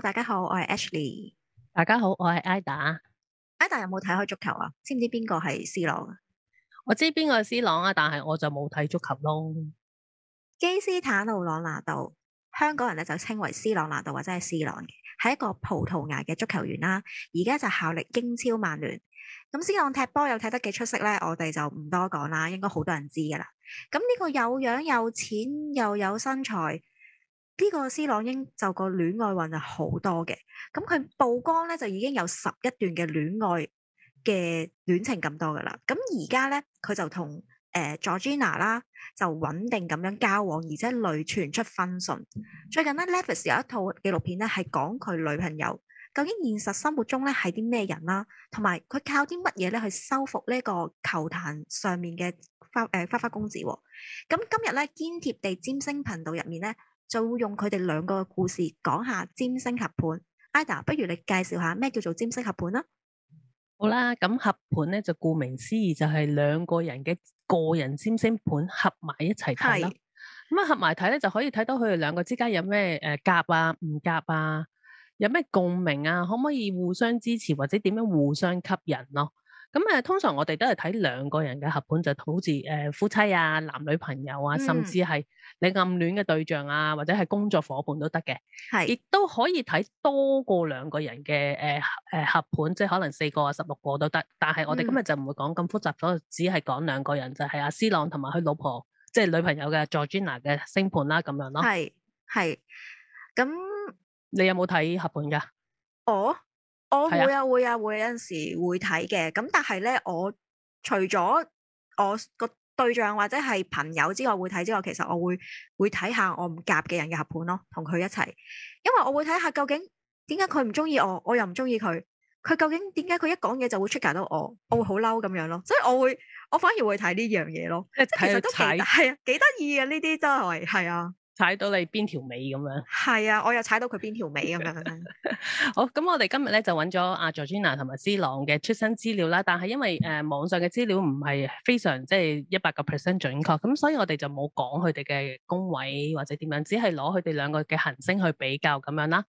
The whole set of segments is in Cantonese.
大家好，我係 Ashley。大家好，我係 Ida。Ida 有冇睇開足球啊？知唔知邊個係 C 朗啊？我知邊個係 C 朗啊，on, 但係我就冇睇足球咯。基斯坦奴朗拿度，香港人咧就稱為 C 朗拿度或者係 C 朗嘅，係一個葡萄牙嘅足球員啦。而家就效力英超曼聯。咁 C 朗踢波又踢得幾出色咧，我哋就唔多講啦，應該好多人知噶啦。咁呢個有樣有錢又有身材。呢個 C 朗英就個戀愛運係好多嘅，咁佢曝光咧就已經有十一段嘅戀愛嘅戀情咁多嘅啦。咁而家咧佢就同誒 Georgina 啦就穩定咁樣交往，而且累傳出婚訊。最近咧 Levis 有一套紀錄片咧係講佢女朋友究竟現實生活中咧係啲咩人啦，同埋佢靠啲乜嘢咧去修復呢個球壇上面嘅花誒花花公子喎。咁今日咧堅貼地占星頻道入面咧，就會用佢哋兩個嘅故事講下占星合盤。Ada，不如你介紹下咩叫做占星合盤啦？好啦，咁合盤咧就顧名思義就係兩個人嘅個人占星盤合埋一齊睇啦。咁啊是合埋睇咧就可以睇到佢哋兩個之間有咩誒、呃、夾啊唔夾啊，有咩共鳴啊，可唔可以互相支持或者點樣互相吸引咯。咁誒，通常我哋都係睇兩個人嘅合盤，就好似誒夫妻啊、男女朋友啊，嗯、甚至係你暗戀嘅對象啊，或者係工作伙伴都得嘅。係，亦都可以睇是多過兩個人嘅誒誒合盤，即係可能四個啊、十六個都得。但係我哋今日就唔會講咁複雜，所、嗯、只係講兩個人，就係、是、阿 C 朗同埋佢老婆，即係女朋友嘅 Georgina 嘅星盤啦、啊，咁樣咯。係係，咁你有冇睇合盤噶？哦。我會啊會啊會有陣時會睇嘅，咁但係咧我除咗我個對象或者係朋友之外會睇之外，其實我會會睇下我唔夾嘅人嘅合盤咯，同佢一齊，因為我會睇下究竟點解佢唔中意我，我又唔中意佢，佢究竟點解佢一講嘢就會 trigger 到我，我會好嬲咁樣咯，所以我會我反而會睇呢樣嘢咯，看看即係其實都係啊，幾得意啊，呢啲真係係啊。踩到你邊條尾咁樣，係啊，我又踩到佢邊條尾咁樣 好，咁我哋今日咧就揾咗阿 Georgina 同埋 C 朗嘅出生資料啦。但係因為誒、呃、網上嘅資料唔係非常即係一百個 percent 準確，咁所以我哋就冇講佢哋嘅宮位、或者點樣，只係攞佢哋兩個嘅行星去比較咁樣啦。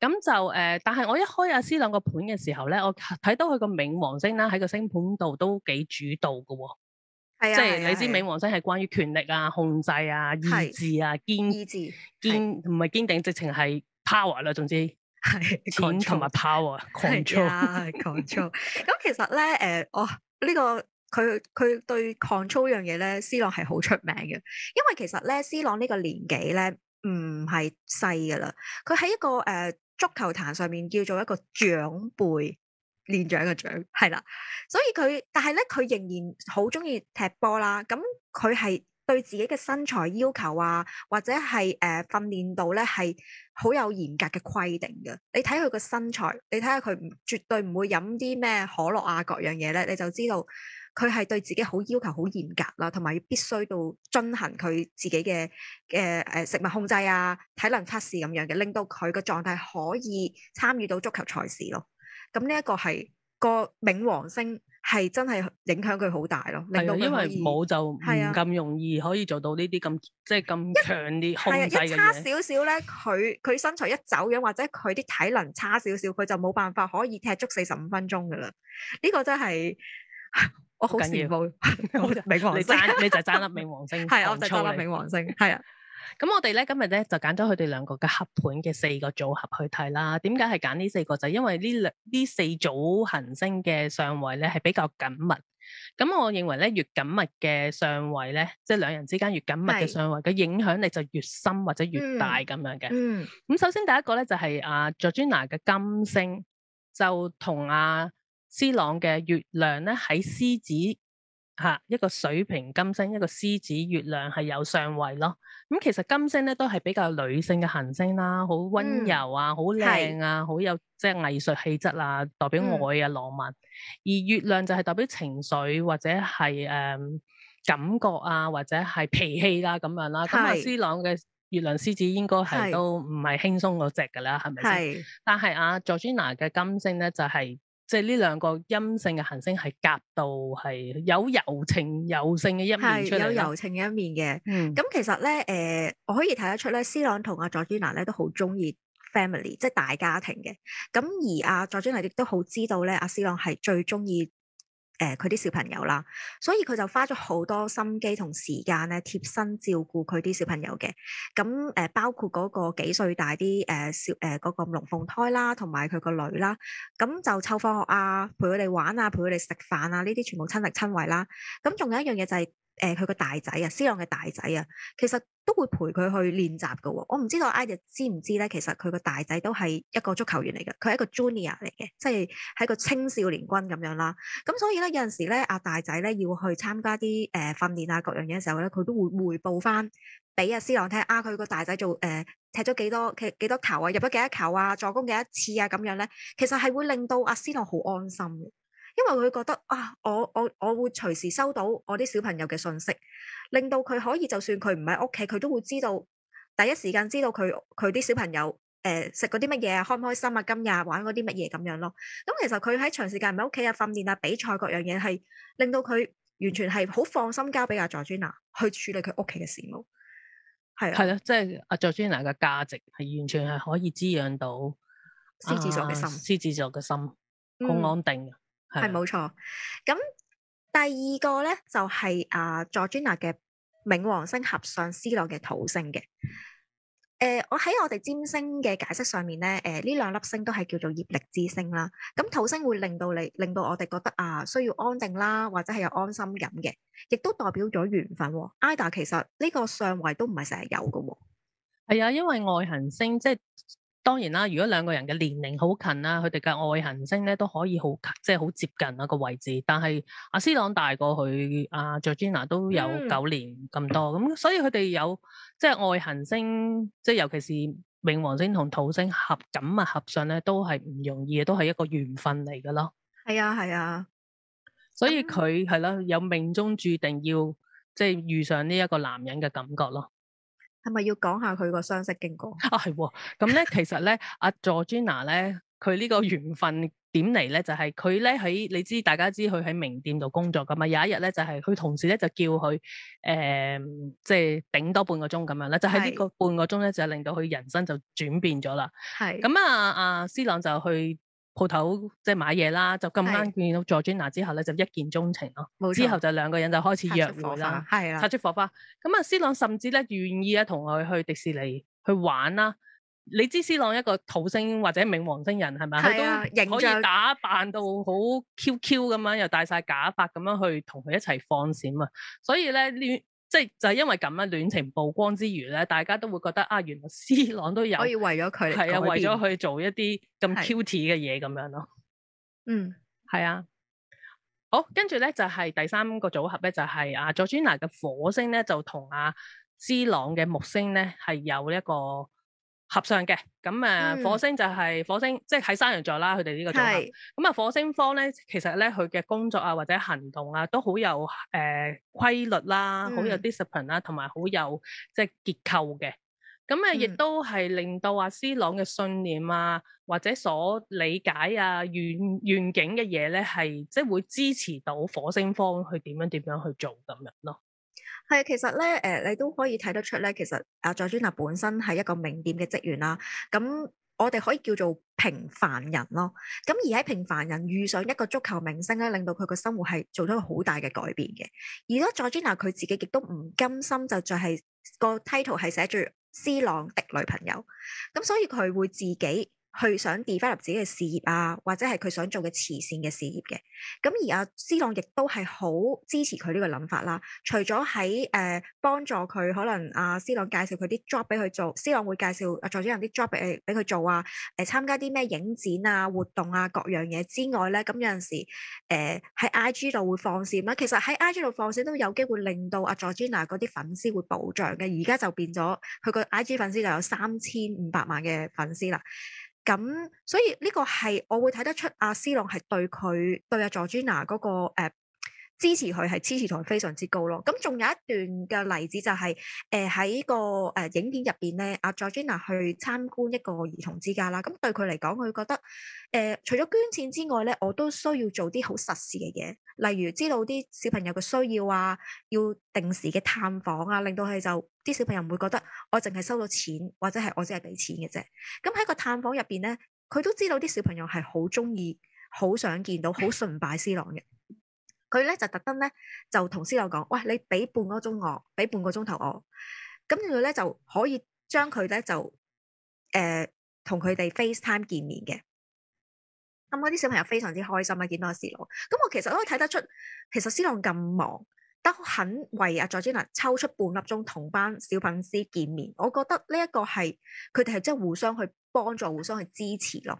咁就誒、呃，但係我一開阿、啊、C 朗個盤嘅時候咧，我睇到佢個冥王星啦喺個星盤度都幾主導噶、哦。即係你知，美王真係關於權力啊、控制啊、意志啊、的堅意志堅唔係的堅定，堅直情係 power 啦。總之，狂同埋 power，c o n t r o l 咁其實咧，誒、哦，我、這、呢個佢佢 r o l 樣嘢咧，斯朗係好出名嘅。因為其實咧，斯朗呢個年紀咧唔係細噶啦，佢喺一個誒、呃、足球壇上面叫做一個長輩。練長嘅獎係啦，所以佢，但係咧，佢仍然好中意踢波啦。咁佢係對自己嘅身材要求啊，或者係誒訓練度咧，係好有嚴格嘅規定嘅。你睇佢個身材，你睇下佢唔絕對唔會飲啲咩可樂啊，各樣嘢咧，你就知道佢係對自己好要求嚴、啊，好嚴格啦。同埋必須到進行佢自己嘅嘅誒食物控制啊、體能測試咁樣嘅，令到佢個狀態可以參與到足球賽事咯。咁呢一個係、這個冥王星係真係影響佢好大咯，令到因為冇就唔係咁容易可以做到呢啲咁即係咁強烈控制嘅嘢。係啊，一差少少咧，佢佢身材一走樣，或者佢啲體能差少少，佢就冇辦法可以踢足四十五分鐘嘅啦。呢、這個真係我好羨慕，冥王星，你就爭粒冥王星，係啊，我就爭粒冥王星，係啊。咁我哋咧今日咧就揀咗佢哋兩個嘅合盤嘅四個組合去睇啦。點解係揀呢四個就係？因為呢兩呢四組行星嘅相位咧係比較緊密。咁我認為咧越緊密嘅相位咧，即係兩人之間越緊密嘅相位，個是影響力就越深或者越大咁樣嘅。咁、嗯嗯、首先第一個咧就係阿 Georgina 嘅金星就同阿、啊、C 朗嘅月亮咧喺獅子。吓，一個水瓶金星，一個獅子月亮係有相位咯。咁其實金星咧都係比較女性嘅行星啦，好温柔啊，好靚啊，好、嗯、有即係藝術氣質啊，代表愛啊，浪漫。嗯、而月亮就係代表情緒或者係誒感覺啊，或者係、呃、脾氣啦咁樣啦。咁啊是，C 朗嘅月亮獅子應該係是都唔係輕鬆嗰隻噶啦，係咪先？是但係啊 Georgina 嘅金星咧就係、是。即係呢兩個陰性嘅行星係夾到，係有柔情有性嘅一面出嚟，有柔情嘅一面嘅。咁、嗯、其實咧，誒、呃、我可以睇得出咧，C 朗同阿佐娟娜咧都好中意 family，即係大家庭嘅。咁而阿佐娟娜亦都好知道咧，阿、啊、C 朗係最中意。誒，佢啲、呃、小朋友啦，所以佢就花咗好多心機同時間咧，貼身照顧佢啲小朋友嘅。咁誒，包括嗰個幾歲大啲誒、呃、小誒嗰、呃那個龍鳳胎啦，同埋佢個女啦，咁就湊放學啊，陪佢哋玩啊，陪佢哋食飯啊，呢啲全部親力親為啦。咁仲有一樣嘢就係、是。誒佢個大仔啊，斯朗嘅大仔啊，其實都會陪佢去練習嘅喎。我唔知道阿 e d i 知唔知咧？其實佢個大仔都係一個足球員嚟嘅，佢係一個 Junior 嚟嘅，即係喺個青少年軍咁樣啦。咁所以咧，有陣時咧，阿大仔咧要去參加啲誒、呃、訓練啊，各樣嘢嘅時候咧，佢都會彙報翻俾阿斯朗聽啊。佢個大仔做誒、呃、踢咗幾多幾幾多球啊？入咗幾多球啊？助攻幾多次啊？咁樣咧，其實係會令到阿斯朗好安心嘅。因為佢覺得啊，我我我會隨時收到我啲小朋友嘅信息，令到佢可以就算佢唔喺屋企，佢都會知道第一時間知道佢佢啲小朋友誒食嗰啲乜嘢啊，開唔開心啊，今日玩嗰啲乜嘢咁樣咯。咁、嗯、其實佢喺長時間唔喺屋企啊，訓練啊，比賽、啊比賽啊、各樣嘢係令到佢完全係好放心交俾阿 Georgina 去處理佢屋企嘅事務。係啊，係咯，即係阿 Georgina 嘅價值係完全係可以滋養到獅子座嘅心，獅子座嘅心好安定。嗯係冇錯，咁第二個咧就係、是、啊，Georgina 嘅冥王星合上 C 朗嘅土星嘅。誒、呃，我喺我哋占星嘅解釋上面咧，誒、呃、呢兩粒星都係叫做業力之星啦。咁土星會令到你，令到我哋覺得啊需要安定啦，或者係有安心感嘅，亦都代表咗緣分、哦。Ida 其實呢個相位都唔係成日有嘅、哦。係啊，因為外行星即係。當然啦，如果兩個人嘅年齡好近啦，佢哋嘅外行星咧都可以好即係好接近一個位置。但係阿 C 朗大過佢，阿 Georgina 都有九年咁多，咁、嗯、所以佢哋有即係外行星，即係尤其是冥王星同土星合緊啊合上咧，都係唔容易，都係一個緣分嚟噶咯。係啊係啊，啊所以佢係啦，有命中注定要即係遇上呢一個男人嘅感覺咯。係咪要講下佢個相識經過啊？係，咁咧其實咧阿 Georgina 咧佢呢、啊、g g 呢個緣分點嚟咧，就係佢咧喺你知大家知佢喺名店度工作噶嘛，有一日咧就係、是、佢同事咧就叫佢誒、呃，即係頂多半個鐘咁樣咧，就喺、是、呢個半個鐘咧就令到佢人生就轉變咗啦。係咁的啊，阿、啊、C 朗就去。鋪頭即係買嘢啦，就咁啱見到 Georgina 之後咧，就一見鍾情咯。錯之後就兩個人就開始約會啦，擦出火花。咁啊、嗯，C 朗甚至咧願意啊同佢去迪士尼去玩啦。你知 C 朗一個土星或者冥王星人係咪？佢的都可以打扮到好 Q Q 咁樣，又戴晒假髮咁樣去同佢一齊放閃啊！所以咧呢。即係就係、是、因為咁樣戀情曝光之餘咧，大家都會覺得啊，原來 C 朗都有可以為咗佢係啊，為咗佢做一啲咁 cute 嘅嘢咁樣咯。嗯，係啊。好，跟住咧，就係、是、第三個組合咧，就係、是、啊 Georgina 嘅火星咧就同阿 C 朗嘅木星咧係有一個。合上嘅，咁誒、啊嗯、火星就係火星，即係喺山羊座啦。佢哋呢個組合，咁是啊火星方咧，其實咧佢嘅工作啊或者行動啊都有、呃啊嗯、好有誒規律啦，好有 discipline 啦，同埋好有即係結構嘅。咁誒、啊、亦都係令到阿、啊、C 朗嘅信念啊，或者所理解啊願願景嘅嘢咧，係即係會支持到火星方去點樣點樣去做咁樣咯。誒其實咧，誒、呃、你都可以睇得出咧，其實阿 Georgina 本身係一個名店嘅職員啦。咁我哋可以叫做平凡人咯。咁而喺平凡人遇上一個足球明星咧，令到佢個生活係做咗一個好大嘅改變嘅。而咧，Georgina 佢自己亦都唔甘心就，就再係個 title 係寫住 C 朗的女朋友。咁所以佢會自己，去想 develop 自己嘅事業啊，或者係佢想做嘅慈善嘅事業嘅。咁而阿、啊、C 朗亦都係好支持佢呢個諗法啦。除咗喺誒幫助佢，可能阿、啊、C 朗介紹佢啲 job 俾佢做，C 朗會介紹阿 Georgina 啲 job 誒俾佢做啊。誒、呃、參加啲咩影展啊、活動啊各樣嘢之外咧，咁有陣時誒喺、呃、I G 度會放閃啦、啊。其實喺 I G 度放閃都有機會令到阿 Georgina 嗰啲粉絲會爆漲嘅。而家就變咗佢個 I G 粉絲就有三千五百萬嘅粉絲啦。咁所以呢個係我會睇得出阿、啊、C 朗係對佢對阿 Georgina 嗰個誒。呃支持佢係支持同非常之高咯。咁仲有一段嘅例子就係、是，誒、呃、喺個誒、呃、影片入邊咧，阿 Georgina 去參觀一個兒童之家啦。咁對佢嚟講，佢覺得，誒、呃、除咗捐錢之外咧，我都需要做啲好實事嘅嘢，例如知道啲小朋友嘅需要啊，要定時嘅探訪啊，令到佢就啲小朋友唔會覺得我淨係收到錢，或者係我淨係俾錢嘅啫。咁喺個探訪入邊咧，佢都知道啲小朋友係好中意，好想見到，好崇拜 C 朗嘅。佢咧就特登咧就同 C 朗講：喂，你俾半個鐘我，俾半個鐘頭我，咁佢咧就可以將佢咧就誒同、呃、佢哋 FaceTime 見面嘅。咁嗰啲小朋友非常之開心啊，見到 C 朗。咁、嗯、我其實都可以睇得出，其實 C 朗咁忙，都很肯為 Georgina 抽出半粒鐘同班小粉絲見面。我覺得呢一個係佢哋係真係互相去幫助、互相去支持咯。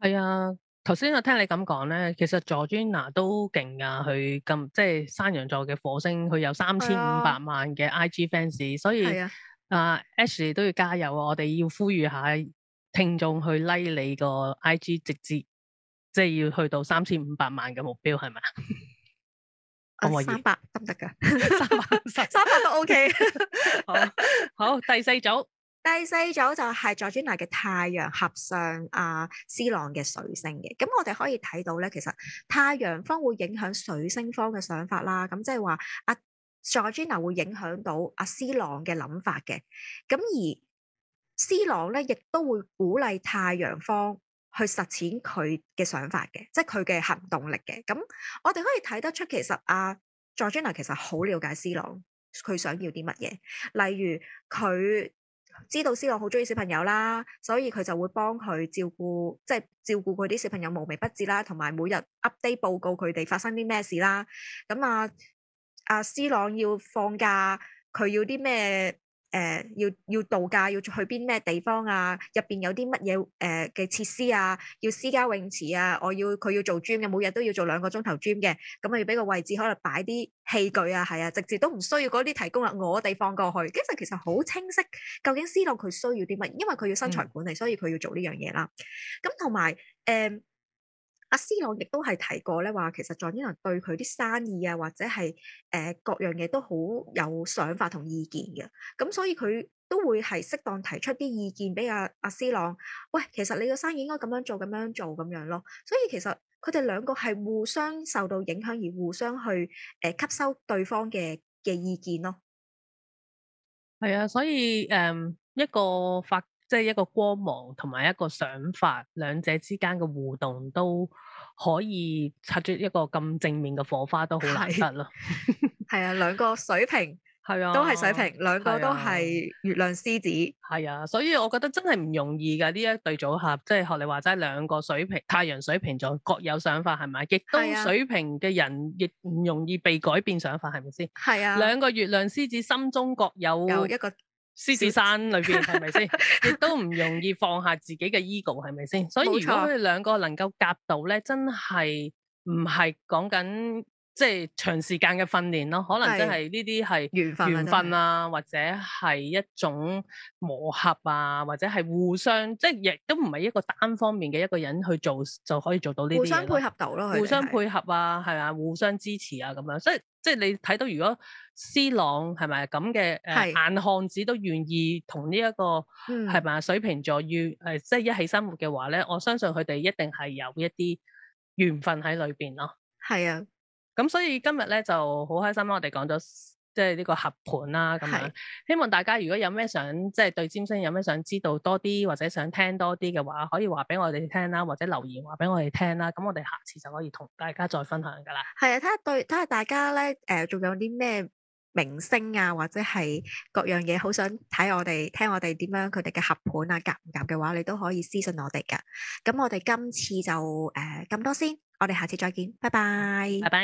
係啊。頭先我聽你咁講咧，其實座 j e 都勁噶，佢咁即係山羊座嘅火星，佢有三千五百萬嘅 I G fans，所以啊,啊 Ash l e y 都要加油啊！我哋要呼籲下聽眾去 l、like、你個 I G，直接即係要去到三千五百萬嘅目標係咪 啊？三百得唔得噶？三百三百都 OK。好，第四組。第四組就係 Georgina 嘅太陽合上阿 C 朗嘅水星嘅，咁我哋可以睇到咧，其實太陽方會影響水星方嘅想法啦，咁即係話啊 Georgina 會影響到阿 C 朗嘅諗法嘅，咁而 C 朗咧亦都會鼓勵太陽方去實踐佢嘅想法嘅，即係佢嘅行動力嘅。咁我哋可以睇得出，其實啊 Georgina 其實好了解 C 朗佢想要啲乜嘢，例如佢。知道 C 朗好中意小朋友啦，所以佢就會幫佢照顧，即、就、係、是、照顧佢啲小朋友無微不至啦，同埋每日 update 報告佢哋發生啲咩事啦。咁啊，阿、啊、C 朗要放假，佢要啲咩？誒、呃，要要度假，要去邊咩地方啊？入邊有啲乜嘢誒嘅設施啊？要私家泳池啊？我要佢要做 gym 嘅，每日都要做兩個鐘頭 gym 嘅，咁啊要俾個位置可能擺啲器具啊，係啊，直接都唔需要嗰啲提供啦，我哋放過去，其實其實好清晰，究竟思路佢需要啲乜？因為佢要身材管理，嗯、所以佢要做呢樣嘢啦。咁同埋誒。呃阿、啊、C 朗亦都係提過咧，話其實在天人對佢啲生意啊，或者係誒、呃、各樣嘢都好有想法同意見嘅，咁所以佢都會係適當提出啲意見俾阿阿 C 朗，喂，其實你個生意應該咁樣做，咁樣做咁樣咁樣咯。所以其實佢哋兩個係互相受到影響而互相去誒、呃、吸收對方嘅嘅意見咯。係啊，所以誒、呃、一個法。即係一個光芒同埋一個想法，兩者之間嘅互動都可以擦出一個咁正面嘅火花，是都好難得咯 。係啊，兩個水瓶，係啊，都係水瓶，兩個都係月亮獅子。係啊，所以我覺得真係唔容易㗎。呢一對組合，即係學你話齋兩個水瓶，太陽水瓶座各有想法，係咪？亦都水瓶嘅人亦唔容易被改變想法，係咪先？係啊，兩個月亮獅子心中各有有一個。獅子山裏邊係咪先？亦 都唔容易放下自己嘅 ego 係咪先？所以如果佢哋兩個能夠夾到咧，真係唔係講緊即係長時間嘅訓練咯，可能真係呢啲係緣分啊，緣分或者係一種磨合啊，或者係互相即係亦都唔係一個單方面嘅一個人去做就可以做到呢啲，互相配合到咯，互相配合啊，係啊，互相支持啊，咁樣，所以即係你睇到如果。C 朗係咪咁嘅？誒，硬漢、呃、是子都願意同呢一個係咪啊？水瓶座要誒，即係一起生活嘅話咧，我相信佢哋一定係有一啲緣分喺裏邊咯。係啊，咁所以今日咧就好開心啦。我哋講咗即係呢個合盤啦。咁樣，啊、希望大家如果有咩想，即係對占星有咩想知道多啲，或者想聽多啲嘅話，可以話俾我哋聽啦，或者留言話俾我哋聽啦。咁我哋下次就可以同大家再分享噶啦。係啊，睇下對，睇下大家咧，誒、呃，仲、呃呃、有啲咩？明星啊，或者係各樣嘢，好想睇我哋聽我哋點樣佢哋嘅合盤啊，夾唔夾嘅話，你都可以私信我哋㗎。咁我哋今次就誒咁、呃、多先，我哋下次再見，拜拜，拜拜。